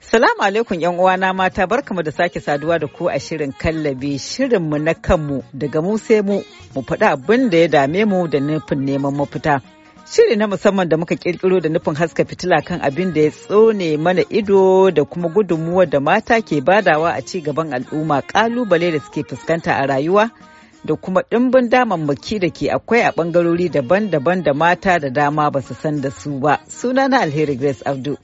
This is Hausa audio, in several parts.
Salamu alaikum yan uwana mata barkamu da sake saduwa da ku a shirin kallabi shirinmu na kanmu daga mu sai mu mu faɗi abin da ya dame mu da nufin neman mafita. Shiri na musamman da muka kirkiro da nufin haska fitila kan abin da ya tsone mana ido da kuma gudunmuwar da mata ke badawa a ci gaban al'umma kalubale da suke fuskanta a rayuwa da kuma ɗimbin damammaki da ke akwai a ɓangarori daban-daban da mata da dama ba su san da su ba. Sunana Alheri Grace Abdu.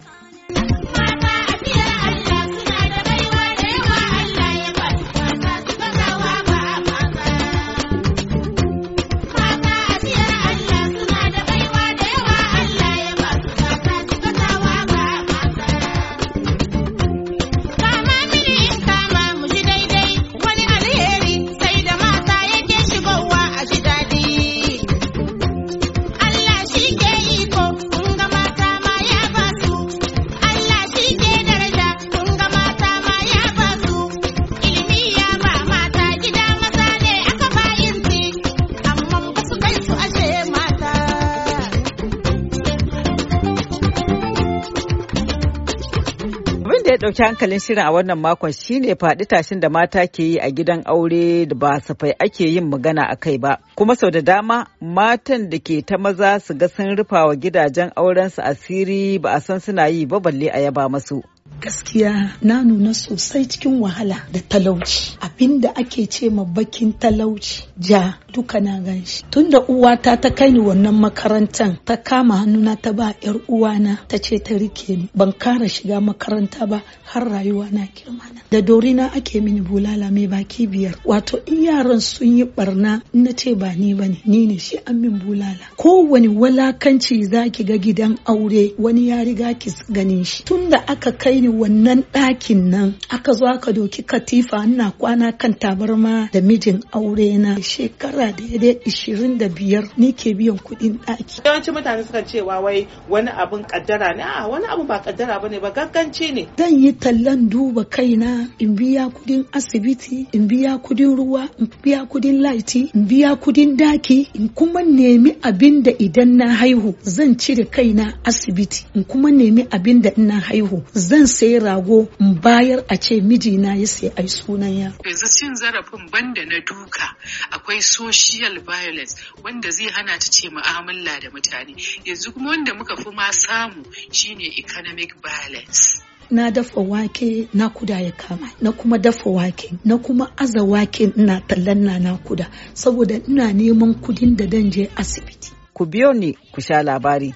ɗauki hankalin shirin a wannan makon shine faɗi tashin da mata ke yi a gidan aure da ba safai ake yin magana a kai ba. Kuma sau da dama matan da ke ta maza su ga sun rufa wa gidajen aurensu asiri ba a san suna yi ba balle a yaba masu. gaskiya na nuna sosai cikin wahala da talauci abinda ake ce ma bakin talauci ja duka na ganshi tunda uwata ta kai ni wannan makarantan ta kama hannuna ta ba yar uwana ta ce ta rike ni ban kara shiga makaranta ba har rayuwa na kirmana da dorina ake mini bulala mai baki biyar wato in yaran sun yi barna in na ce ba ni bane ni ne shi an min bulala kowane walakanci zaki ga gidan aure wani ya riga ki ganin shi tunda aka kai kai ni wannan ɗakin nan aka zo aka doki katifa ina kwana kan tabarma da mijin aure na shekara da ya dai ishirin da biyar ni ke biyan kuɗin ɗaki. Yawancin mutane suka wa wai wani abun kaddara ne a wani abu ba kaddara ne, ba gagganci ne. Zan yi tallan duba kaina in biya kuɗin asibiti in biya kuɗin ruwa in biya kuɗin laiti in biya kuɗin daki in kuma nemi abin da idan na haihu zan cire kaina asibiti in kuma nemi abin da ina haihu zan zan sayi rago in bayar a ce mijina ya sai ai sunan ya yanzu cin zarafin banda na duka akwai social violence wanda zai hana ta ce mu'amala da mutane yanzu kuma wanda muka fi ma samu shine economic violence na dafa wake na kuda ya kama na kuma dafa wake na kuma aza wake ina tallan na na kuda saboda ina neman kudin da danje asibiti ku biyo ne ku sha labari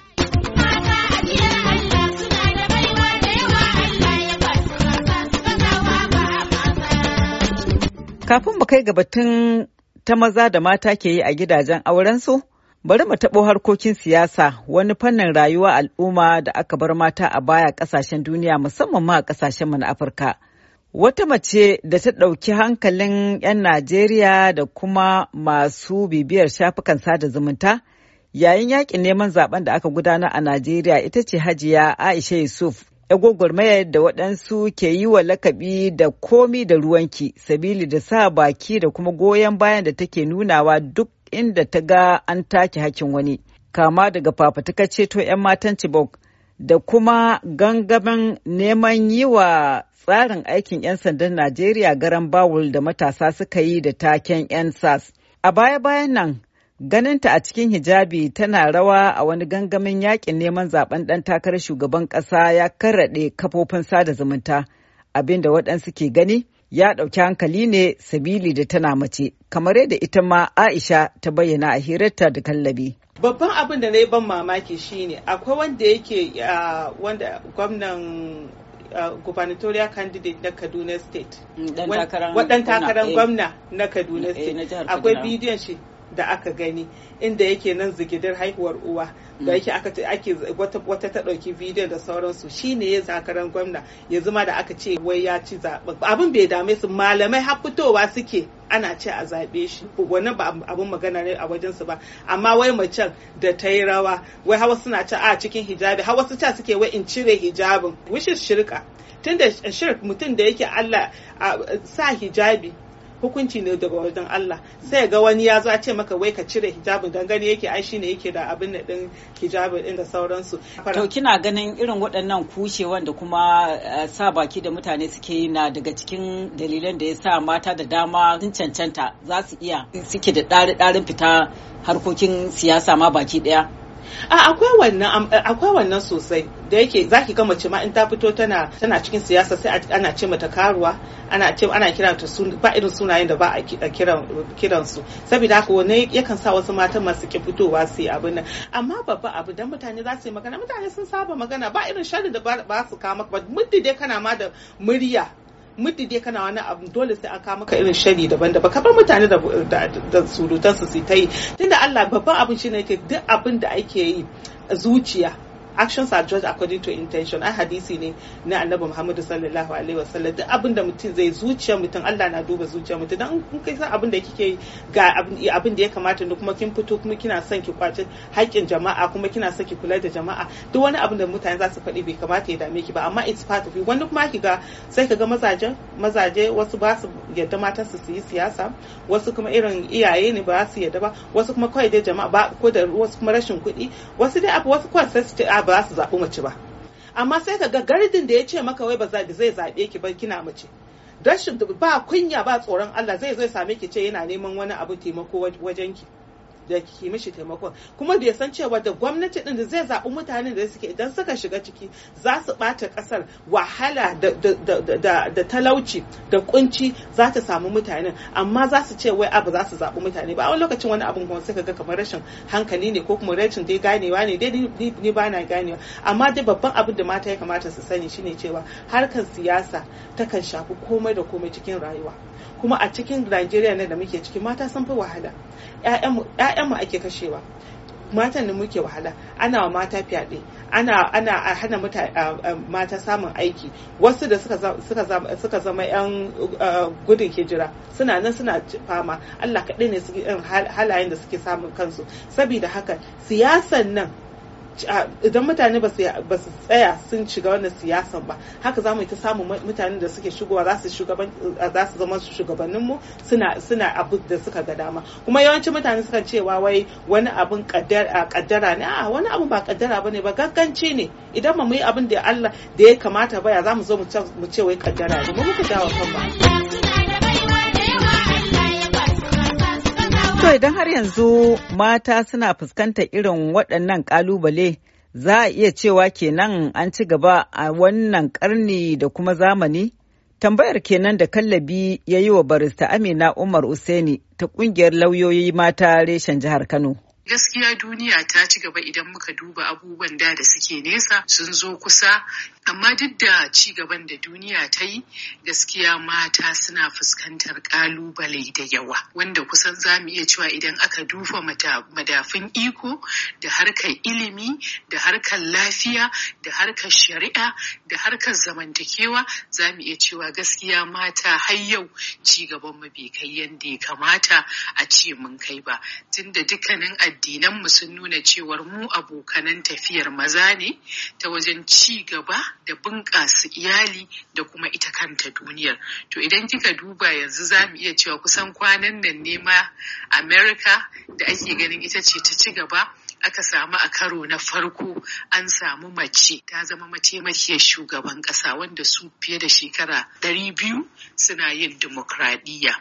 Kafin mu kai ga batun ta maza da mata ke yi a gidajen aurensu, bari mu taɓo harkokin siyasa wani fannin rayuwa al'umma da aka bar mata a baya ƙasashen duniya musamman ma a ƙasashen mu na Afirka. Wata mace da ta ɗauki hankalin 'yan Najeriya da kuma masu bibiyar shafukan sada zumunta yayin yakin neman zaben da aka gudana a Najeriya ita ce Hajiya Aisha Yusuf 'yan da waɗansu ke yi wa lakabi da komi da ruwanki sabili da sa baki da kuma goyon bayan da take nunawa duk inda ta ga an take hakkin wani kama daga fafatuka ceto 'yan matan Chibok da kuma gangamin neman yi wa tsarin aikin 'yan sandan Najeriya garan bawul da matasa suka yi da taken 'yan sas. A baya-bayan nan Ganinta a cikin hijabi tana rawa a wani gangamin yakin neman zaben ɗan takarar shugaban ƙasa ya karraɗe kafofin sada zumunta abinda waɗansu ke gani ya ɗauki hankali ne sabili da tana mace kamar yadda ita ma Aisha ta bayyana a hirarta da kallabi. babban abin da na yi ban mamaki shine akwai wanda yake wanda gwamnan gubernatorial candidate na kaduna state wadan mm, takarar eh. gwamna na kaduna eh, state akwai bidiyon shi da aka gani inda yake nan zigidar haihuwar uwa da mm. yake ake wata ta ɗauki bidiyo da sauransu shine ya zakaran gwamna ya zama da aka ce wai ya ci zaɓe. abin bai dame su malamai har fitowa suke ana ce a zaɓe shi wannan ba abin magana ne a wajensu ba amma wai macen da ta yi rawa wai hawa suna ce a cikin hijabi hawa su ta suke wai in cire hijabin wishes shirka tunda shirk mutum da yake Allah sa hijabi hukunci ne daga wajen Allah sai ga wani ya zo a ce maka wai ka cire hijabin dan gani yake ai shine yake da abin da din hijabin din da sauransu to kina ganin irin waɗannan kushewan da kuma eh, sa baki da mutane suke yi na daga cikin dalilan da ya sa mata da dama sun cancanta za su iya suke da ɗari-ɗarin fita harkokin siyasa ma baki ɗaya a akwai wannan eh, akwai wannan sosai da yake zaki ga mace ma in ta fito tana tana cikin siyasa sai ana ce mata karuwa ana ce ana kira ta sun ba irin sunayen da ba a kiran kiran su saboda haka wani yakan sa wasu matan masu ki fitowa su yi abin nan amma babba abu dan mutane za su yi magana mutane sun saba magana ba irin sharri da ba su kama ba muddi dai kana ma da murya muddi dai kana wani abu dole sai an kawo maka irin shari daban-daban ka bar mutane da da surutan su ta yi tunda Allah babban abin shine yake duk abin da ake yi zuciya actions are judged according to intention ai hadisi ne na annabi muhammadu sallallahu alaihi wasallam duk abin da mutum zai mutum allah na duba zuciya mutum dan in kai san abin da kike ga abin da ya kamata ne kuma kin fito kuma kina son ki kwace haƙƙin jama'a kuma kina son ki kula da jama'a duk wani abin da mutane za su faɗi bai kamata ya dame ki ba amma it's part of you wani kuma ki ga sai ka ga mazajen mazaje wasu ba su yadda mata su yi siyasa wasu kuma irin iyaye ne ba su yadda ba wasu kuma kawai dai jama'a ba ko da wasu kuma rashin kuɗi wasu dai abu wasu sai su ah, ba su zaɓi mace ba amma sai ka ga gardin da ya ce maka wai ba zai zaɓe ki ba kina mace rashin ba kunya ba tsoron Allah zai zai same ki ce yana neman wani abu taimako wajen ki da ke mishi taimakon kuma bai san cewa da gwamnati din da zai zaɓi mutanen da suke idan suka shiga ciki za su ɓata ƙasar wahala da talauci da kunci za ta samu mutanen amma za su ce wai abu za su zaɓi mutane ba a wani lokacin wani abin kuma suka ga kamar rashin hankali ne ko kuma rashin dai ganewa ne dai ni ba na ganewa amma dai babban abin da mata ya kamata su sani shine cewa harkar siyasa takan shafi komai da komai cikin rayuwa kuma a cikin Najeriya ne da muke ciki mata sun fi wahala 'ya'yanmu ake kashewa matan da muke wahala ana wa mata fyaɗe ana ana hana mata samun aiki wasu da suka zama yan gudun hijira suna nan suna fama Allah kaɗai ne irin halayen da suke samun kansu saboda haka siyasan nan idan mutane ba su tsaya sun shiga wannan siyasan ba haka za mu yi ta samun mutanen da suke shigowa za su zama su shugabanninmu suna abu da suka ga dama kuma yawancin mutane suka cewa wai wani abin kaddara ne a wani abu ba kaddara ba ne ba gagganci ne idan ba mu yi abin da Allah da ya kamata ba ya za mu zo mu ce wai kaddara ne mu muka dawa kan ba. To idan har yanzu mata suna fuskantar irin waɗannan ƙalubale za a iya cewa kenan an ci gaba a wannan ƙarni da kuma zamani? Tambayar kenan da kallabi ya yi wa barista Amina Umar Useni ta ƙungiyar lauyoyi mata reshen jihar Kano. gaskiya duniya ta ci gaba idan muka duba abubuwan da da suke nesa sun zo kusa amma duk da ci gaban da duniya ta yi gaskiya mata suna fuskantar kalubale da yawa wanda kusan za mu iya cewa idan aka dufa madafin iko da harkar ilimi da harkar lafiya da harkar shari'a da harkar zamantakewa za mu iya cewa gaskiya mata har yau ci gaban mu bai kai yadda ya kamata a ce mun kai ba tunda dukkanin addinanmu sun nuna cewar mu abokanan tafiyar maza ne ta wajen ci gaba da bunƙasa iyali da kuma ita kanta duniyar. To idan kika duba yanzu za mu iya cewa kusan kwanan nan ne ma America da ake ganin ita ce ta ci gaba. aka samu a karo na farko an samu mace ta zama mataimakiyar shugaban ƙasa wanda su fiye da shekara 200 suna yin dimokuraɗiyya.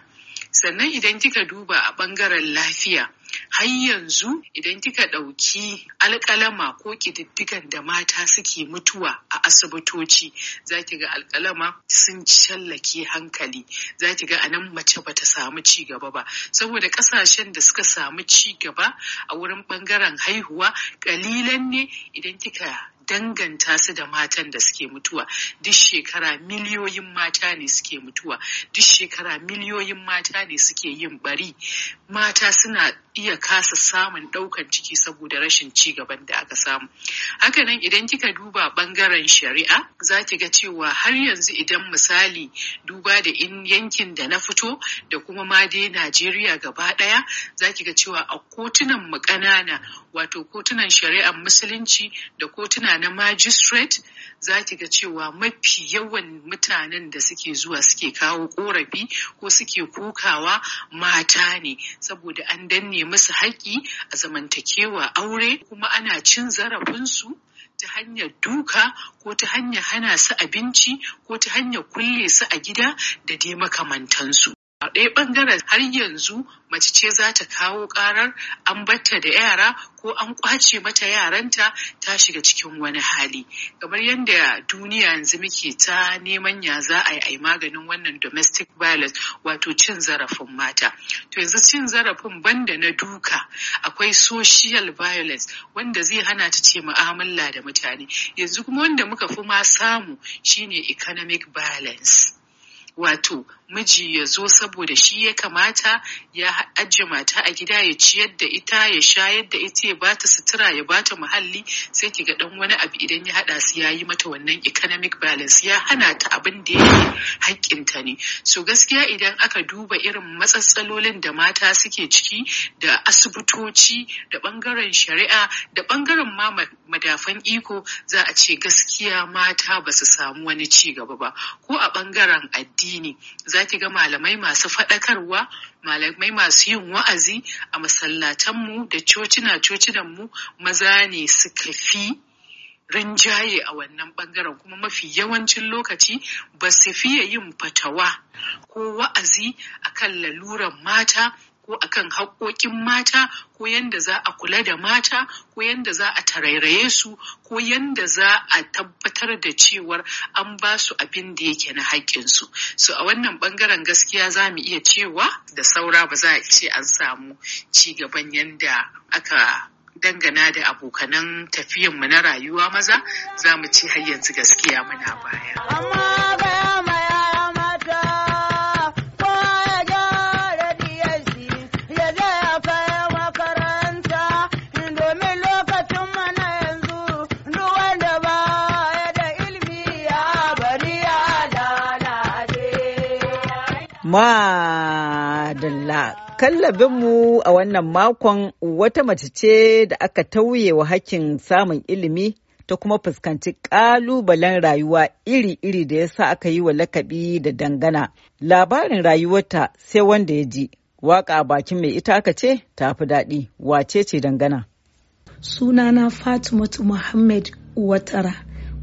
sannan idan kika duba a ɓangaren lafiya har yanzu idan kika ɗauki alƙalama ko ƙididdigan da mata suke mutuwa a asibitoci za ki ga alƙalama sun shallake hankali za ki ga nan mace ba ta samu ci gaba ba saboda ƙasashen da suka samu ci gaba a wurin ɓangaren haihuwa ƙalilan ne idan kika danganta su da matan da suke mutuwa duk shekara miliyoyin mata ne suke mutuwa duk shekara miliyoyin mata ne suke yin bari mata suna iya kasa samun ɗaukan ciki saboda rashin ci gaban da aka samu hakanan idan kika duba bangaren shari'a za ki ga cewa har yanzu idan misali duba da in yankin da na fito da kuma ma dai najeriya gaba ɗaya za ki ga cewa a kotunan mu ƙanana wato kotunan shari'ar musulunci da kotuna na magistrate za ki ga cewa mafi yawan mutanen da suke zuwa suke kawo korafi ko suke kokawa mata ne saboda an danne musu haƙƙi a zamantakewa aure kuma ana cin zarafinsu ta hanyar duka ko ta hanyar hana su abinci ko ta hanyar kulle su a gida da dai makamantansu. ɗaya ɓangaren har yanzu mace ce za ta kawo ƙarar an batta da yara ko an ƙwace mata yaranta ta shiga cikin wani hali kamar yadda duniya yanzu muke ta neman ya za a yi a yi maganin wannan domestic violence wato cin zarafin mata to yanzu cin zarafin banda na duka akwai social violence wanda zai hana ta ce mu'amala da mutane yanzu kuma wanda muka fi ma samu shine economic violence wato miji ya zo saboda shi ya kamata ya ajiye mata a gida ya ciyar da ita ya shayar da ita ya bata sutura ya bata muhalli sai ki ga dan wani abu idan ya hada su ya yi mata wannan economic balance ya hana ta abin da yake ta ne so gaskiya idan aka duba irin matsatsalolin da mata suke ciki da asibitoci da bangaren shari'a da bangaren ma madafan iko za a ce gaskiya mata ba su samu wani ci gaba ba ko a bangaren addini za ki ga malamai masu faɗakarwa malamai masu yin wa'azi a masallatanmu da cocina cocinanmu maza ne suka fi rinjaye a wannan ɓangaren kuma mafi yawancin lokaci ba su fiye yin fatawa ko wa'azi a kan laluran mata ko akan haƙoƙin mata ko yanda za a kula da mata ko yanda za a tarairaye su ko yanda za a tabbatar da cewar an ba su abin da yake na haƙƙinsu so a wannan ɓangaren gaskiya za mu iya cewa da saura ba za a ce an samu ci gaban yanda aka dangana da abokanan tafiyanmu na rayuwa maza za mu ci har yanzu gaskiya muna baya. madalla mu a wannan makon wata mace ce da aka tauye wa hakkin samun ilimi ta kuma fuskanci ƙalubalen rayuwa iri-iri da ya sa aka yi wa lakabi da dangana labarin rayuwarta sai wanda ya ji waka bakin mai ita aka ce tafi daɗi wace ce dangana sunana fatimatu muhammad watara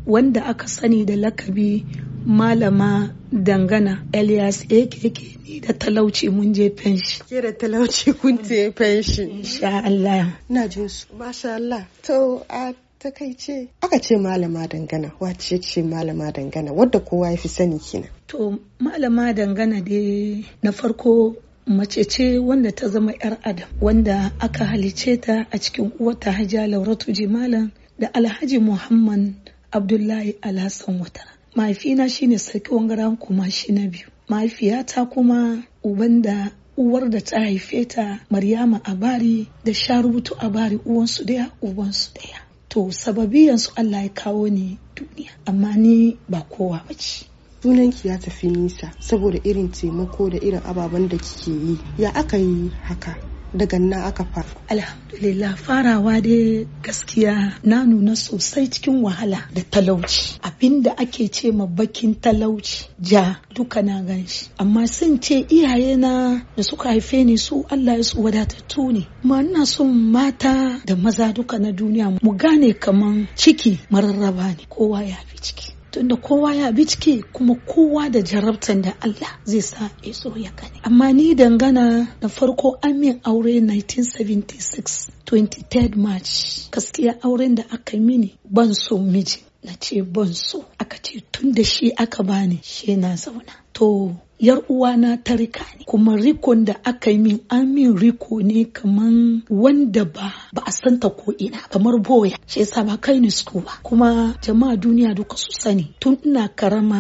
wanda aka sani da lakabi malama dangana Elias AKK ni da talauci mun je fenshi. Ke da talauci kun je fenshi. Insha Allah. Na ji su. Masha Allah. To a takaice aka ce malama dangana wace ce malama dangana wadda kowa ya fi sani kenan. To malama dangana dai na farko mace ce wanda ta zama 'yar adam wanda aka halice ta a cikin uwata hajja lauratu jimalan da alhaji muhammad abdullahi alhassan watara mahaifina shine sarki wangaren kuma shi na biyu mahaifiyata kuma uban da uwar da ta haife ta maryama abari da sharubutu abari uwansu daya ubansu daya to sababiyansu allah ya kawo ni duniya amma ni ba kowa ba ce sunanki ya tafi nisa saboda irin taimako da irin ababen da kike yi ya aka yi haka daga nan aka fara alhamdulillah farawa dai gaskiya na nuna sosai cikin wahala da talauci abinda ake ce ma bakin talauci ja duka na gan amma sun ce iyaye na da suka haife ni su Allah ya su wadatattu ne kuma ina son mata da maza duka na duniya mu gane kaman ciki mararraba ne kowa ya fi ciki tunda kowa ya bi kuma kowa da jarabtan da Allah zai sa ya iso ya gani amma ni dangana na farko an aure 1976 23 March gaskiya auren da aka mini ban so miji na ce ban so aka ce tun da shi aka bani shi na zauna to yar uwana ta rika ne. kuma rikon da aka yi min an min riko ne kaman wanda ba ba a santa ko ina kamar boya shi yasa ba kai ni su ba kuma jama'a duniya duka su sani tun ina karama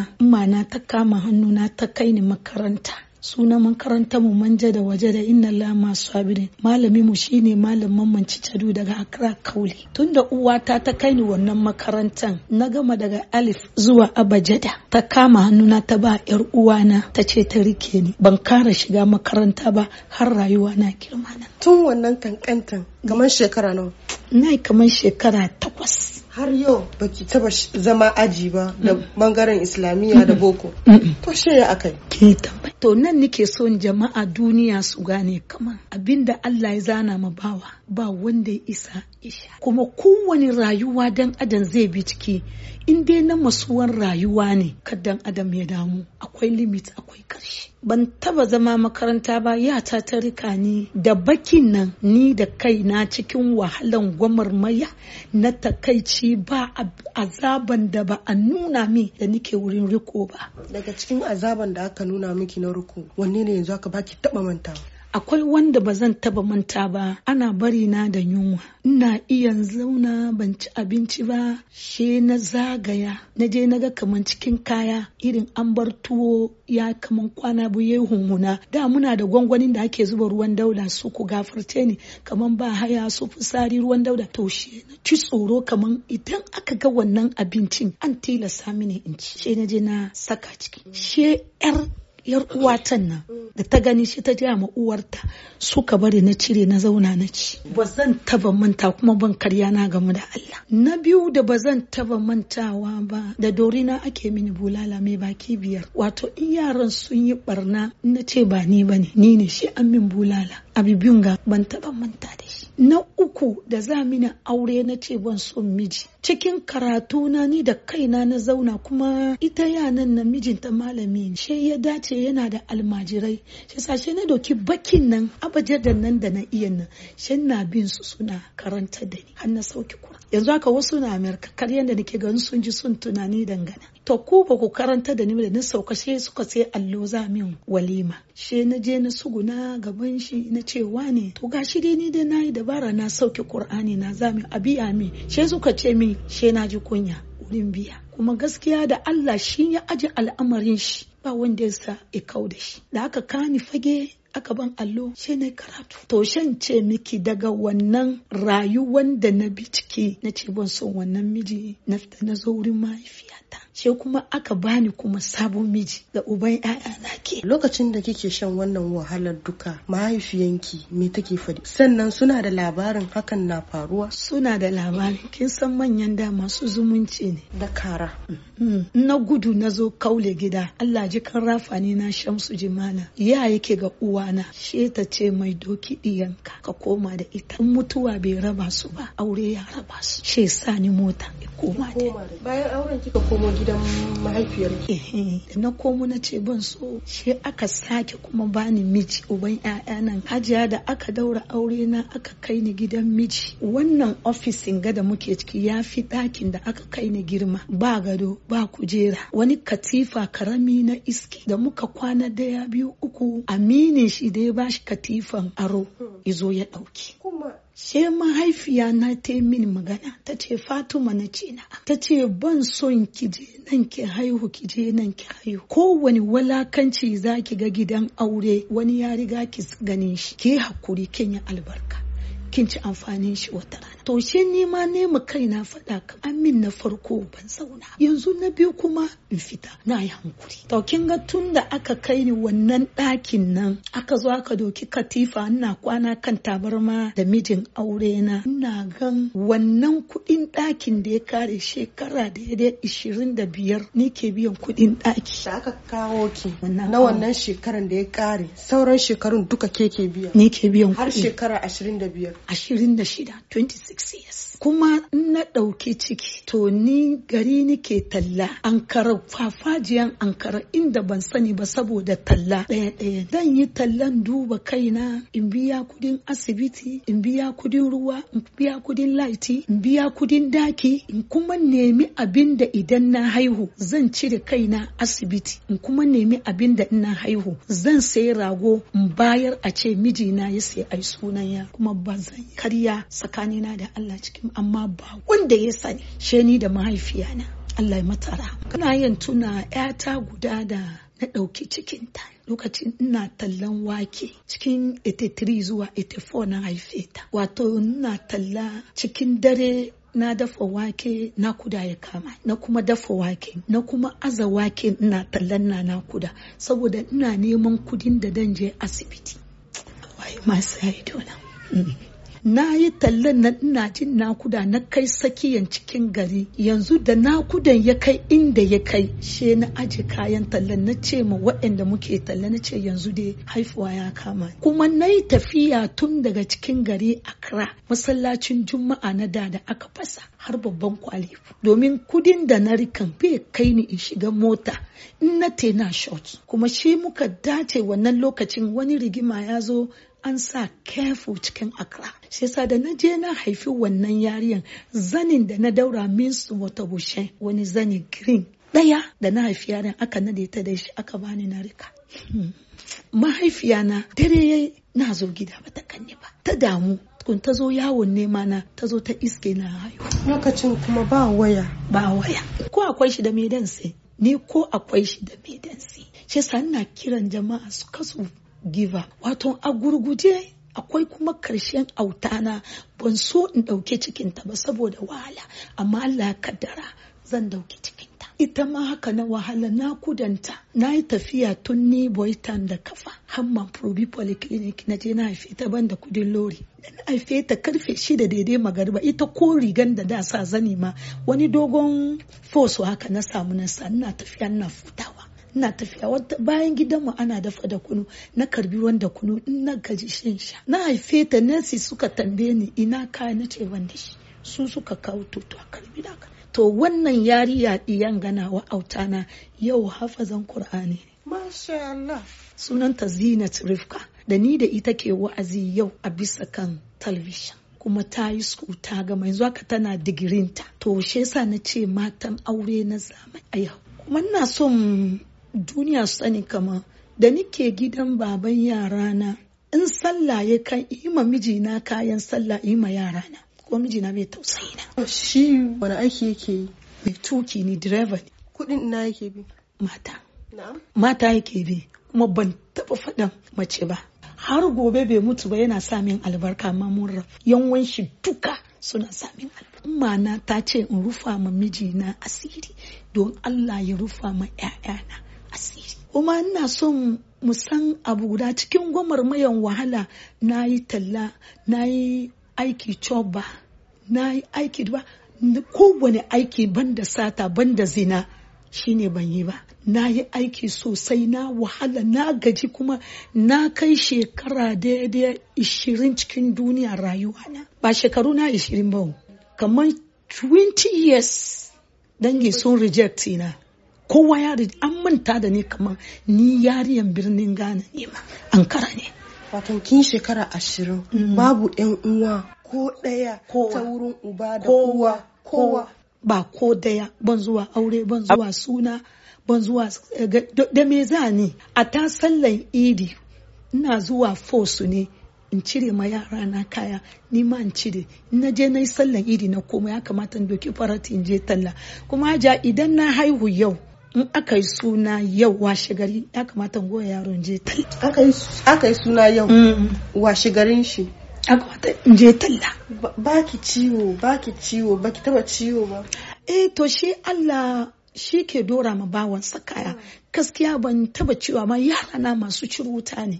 na ta kama hannu na ta kai ni makaranta suna makarantarmu mu manja da waje da inna la masu abirin malami mu shine malam mamman cicadu daga Accra Kauli tunda uwata ta kai ni wannan makarantan na gama daga alif zuwa abajada ta kama hannuna ta ba yar uwana ta ce ta rike ni ban kara shiga makaranta ba har rayuwa na girma nan tun wannan kankantan kamar shekara nawa nai kamar shekara takwas har yau baki taba zama aji ba da bangaren islamiyya da boko to shi ya aka ke to nan nike son jama'a duniya su gane kaman abinda Allah ya zana ma bawa ba wanda ya isa isha kuma kowane rayuwa dan adam zai bi ciki in dai na masuwan rayuwa ne dan adam ya damu akwai limit akwai karshe ban taba zama makaranta ba ya ta rika ni da bakin nan ni da kai na cikin wahalan gwamar-maya na takaici ba azaban da ba a nuna min da nike wurin riko ba daga cikin azaban da aka nuna miki na riko wanne ne yanzu aka baki taba mantawa akwai wanda ba zan taba manta ba ana bari na da yunwa ina iya zauna ban ci abinci ba she na zagaya na je na ga kaman cikin kaya irin an bar tuwo ya kaman kwana biyu yayi hunhuna da muna da gwangwanin da ake zuba ruwan dauda su ku gafarce ni kaman ba haya su fusari ruwan dauda to she na ci tsoro kaman idan aka ga wannan abincin an tilasta mini in ci she na je na saka ciki she yar yar uwatan nan da ta gani shi ta gaya ma uwarta suka bari na cire na zauna na ci ba zan taba manta kuma ban karya na gamu da Allah na biyu da ba zan taba mantawa ba da dorina ake mini bulala mai baki biyar wato in yaran sun yi barna na ce ba ni bane ni ne shi an min bulala abibin ga ban taba manta da shi na uku da za mini aure na ce ban son miji cikin karatu na ni da kaina na zauna kuma ita yanan na mijinta malami she ya dace yana da almajirai shi sashe na doki bakin nan abajadan nan da na iya nan shan na bin su suna karanta da ni har na sauki yanzu haka wasu na amerika kar yadda nake ganin sun ji sun tunani dangana to ku ba ku karanta da ni da ni sauka shi suka sai allo za min walima she na je na suguna gaban shi na ce wane to gashi dai ni dai nayi dabara na sauke qur'ani na za min abiya min shi suka ce min shi na ji kunya wurin biya kuma gaskiya da Allah shi ya aji al'amarin shi ba wanda ya sa ya kau da shi da aka kani fage a gaban allo shi na karatu to ce miki daga wannan rayuwan da na bi ciki na ce ban son wannan miji na fita na zo wurin mahaifiyata she kuma aka bani kuma sabon miji da uban na ke lokacin da kike shan wannan wahalar duka mahaifiyanki me take faɗi sannan suna da labarin hakan na faruwa suna da labarin kin san manyan da masu zumunci ne da kara mm-hmm. na gudu na zo kaule gida Allah ji kan rafa ne na shamsu jimana ya yake ga uwa uwana she ta ce mai doki diyanka ka koma da ita mutuwa bai raba su ba aure ya raba su she sa ni mota in koma da bayan auren kika komo gidan mahaifiyar eh, eh. na komo na ce ban so she aka sake kuma bani miji uban ƴaƴa nan hajiya da aka daura aure na aka kai ni gidan miji wannan ofisin gada muke ciki ya fi dakin da aka kai ni girma ba gado ba kujera wani katifa karami na iski da muka kwana daya biyu uku aminin shi dai ya bashi katifan aro izo hmm. ya ɗauki. sai mahaifiya na ta min magana ta ce Fatima na ce na ta ce ban son ki je nan ki haihu ki je nan ki haihu kowane walakanci za ki ga gidan aure wani ya riga ki ganin shi ke hakuri kenya albarka. kin ci amfanin shi wata rana to shi ni ma ne mu kai na faɗa ka amin na farko ban zauna yanzu na biyu kuma in fita na yi hankuri to kin ga tun da aka kai ni wannan ɗakin nan aka zo aka doki katifa ina kwana kan tabarma da mijin aure na ina gan wannan kuɗin ɗakin da ya kare shekara da ya dai ishirin da biyar ni ke biyan kuɗin ɗaki da aka kawo ki na wannan shekaran da ya kare sauran shekarun duka ke ke biya ni ke biyan kuɗi. har shekara ashirin da biyar 26 years kuma in na ɗauki ciki to ni gari nike talla ankara fafajiyan ankara inda ban sani ba saboda talla ɗaya ɗaya dan yi tallan duba kaina in biya kudin asibiti in biya kudin ruwa in biya kudin laiti in biya kudin daki in kuma nemi abinda idan na haihu zan cire kaina asibiti in kuma nemi abin da ina haihu zan sayi rago in bayar a ce mijina ya sayi ai sunan ya kuma ba zan karya tsakanina da Allah cikin amma ba wanda ya sani sheni da mahaifiyana Allah ya mata rahama kana yin tuna yata guda da na ɗauki cikinta lokacin ina tallan wake cikin 83 zuwa 84 na haife ta wato ina talla cikin dare na dafa wake na kuda ya kama na kuma dafa wake na kuma aza wake ina tallan na na kuda saboda ina neman kudin da danje asibiti wai masu idona mm. na yi tallan nan ina jin nakuda na kai sakiyan cikin gari yanzu da nakudan ya kai inda ya kai she na aje kayan tallan na ce ma waɗanda muke talla na ce yanzu dai haifuwa ya kama kuma na yi tafiya tun daga cikin gari a Accra masallacin juma'a na da da aka fasa har babban kwali domin kudin da na rikan bai kai ni in shiga mota in na tena shot kuma shi muka dace wannan lokacin wani rigima ya zo an sa kefu cikin akra shi yasa da na je na haifi wannan yariyan zanin da na daura min su wata bushe wani zani green daya da na haifi yaren aka nade ta da shi aka bani na rika hmm. mahaifiya na dare yayi na zo gida ba ta kanni ba ta damu kun ta zo yawon nema na ta zo ta iske na hayo lokacin kuma ba waya ba waya ko akwai shi da medan sai ni ko akwai shi da medan sai shi sa ina kiran jama'a su kasu giva wato a gurguje akwai kuma karshen autana ban so in ɗauke cikinta ba saboda wahala amma Allah ya kaddara zan ɗauki cikinta ita ma haka na wahala na kudanta na yi tafiya tun ni boytan da kafa hamman probi polyclinic na je na haife ta ban da kudin lori da na haife ta karfe shida daidai magariba ita ko rigan da da sa zani ma wani dogon fosu haka na samu na sa ina tafiya ina futawa ina tafiya wata bayan gidanmu ana dafa da kunu na karbi wanda kunu in na gaji shan sha na haife ta nasi suka tambaye ni ina ka na ce wanda shi su suka kawo to a karbi da to wannan yariya diyan auta autana yau hafazan qur'ani Masha Allah. ta Zinat Rifka da ni da ita ke wa'azi yau a bisa kan talabijin. kuma ta yi su ta gama yanzu haka tana digirinta to shi yasa na ce matan aure na zamani a kuma ina son duniya su sani kama da nike gidan baban yarana in sallah ya kan ima mijina kayan sallah ima yarana ko mijina mai tausayi na. Shi wani aiki yake yi? Mai tuki ni direba ne. Kudin ina yake bi? Mata. Mata yake bi kuma ban taba faɗan mace ba. Har gobe bai mutu ba yana samun albarka amma mun rabu. Yanwan shi duka suna samun albarka. albarka. Mana ta ce in rufa ma mijina asiri don Allah ya rufa ma 'ya'yana. asiri kuma ina so mu san abu guda cikin gwamar-mayan wahala na yi talla na yi aiki coba na yi aiki ba kowane aiki banda sata banda zina shine ban yi ba na yi aiki sosai na wahala na gaji kuma na kai shekara daidai ishirin cikin duniya rayuwa na ba shekaru na ishirin ba kamar 20 years dangi sun reject na kowa ya an manta da ni kamar ni yariyan birnin Ghana ne ma Ankara ne wato kin shekara ashirin mm. babu yan uwa ko daya ta wurin uba da kowa kowa ba ko daya ban zuwa aure ban zuwa suna ban zuwa eh, da me za ni a ta sallan idi ina zuwa fosu ne in cire ma yara na kaya ni ma in cire na je na yi sallan idi na koma ya kamata in doki farati in je talla kuma ja idan na haihu yau in aka yi suna yau washe gari ya kamata in goya yaron je talla aka yi suna yau washe garin shi ya kamata in je talla Ba ki ciwo ba ki ciwo ba ki taba ciwo ba eh to shi Allah shi ke dora ma bawan sakaya gaskiya ban taba ciwa ma yara na masu ciruta ne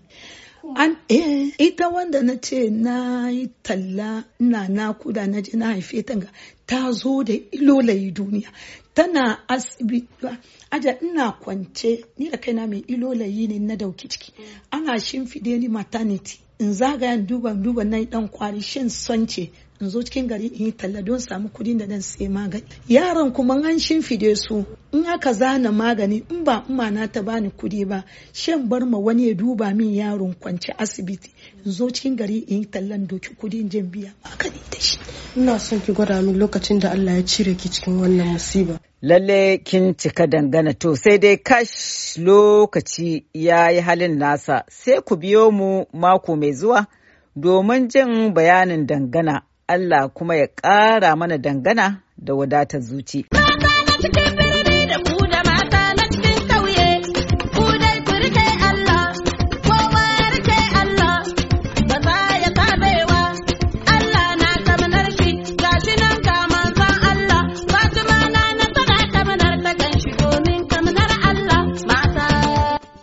an eh ita wanda na ce na yi talla na kuda na je na haife ta ta zo da ilolayi duniya tana asibiti aja ina kwance ni da kaina mai ilolayi ne na dauki ciki mm. ana shimfide ni maternity in zagayen duban duba na dan kwari shin son ce in zo cikin gari in yi talla don samu kudin da dan sai magani yaron kuma an shimfide su in aka zana magani in ba umma na ta bani kudi ba shan bar ma wani ya duba min yaron kwance asibiti in zo cikin gari in yi tallan doki kudin in je biya magani da shi ina son ki gwada min lokacin da Allah ya cire ki cikin wannan musiba lalle kin cika dangana to sai dai kash lokaci ya yi halin nasa sai ku biyo mu mako mai zuwa domin jin bayanin dangana Allah kuma ya ƙara mana dangana da wadatar zuci.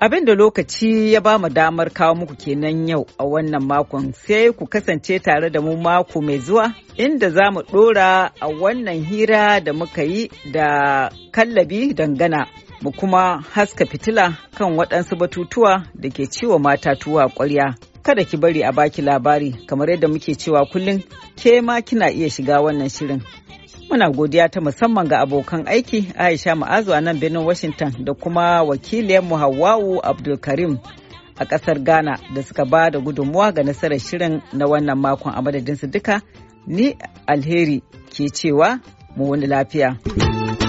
Abin da lokaci ya ba mu damar kawo muku kenan yau a wannan makon sai ku kasance tare da mu mako mai zuwa inda za mu ɗora a wannan hira da muka yi da kallabi dangana mu kuma haska fitila kan waɗansu batutuwa da ke ciwo mata tuwa ƙwarya. Kada ki bari a baki labari kamar yadda muke cewa kullum ke ma kina iya shiga wannan shirin. Muna godiya ta musamman ga abokan aiki Aisha Ma'azu a nan birnin Washington da kuma wakiliyarmu Hawwa'u Abdulkarim a ƙasar Ghana da suka ba da gudunmuwa ga nasarar shirin na wannan makon a madadinsu duka ni alheri ke cewa mu wani lafiya.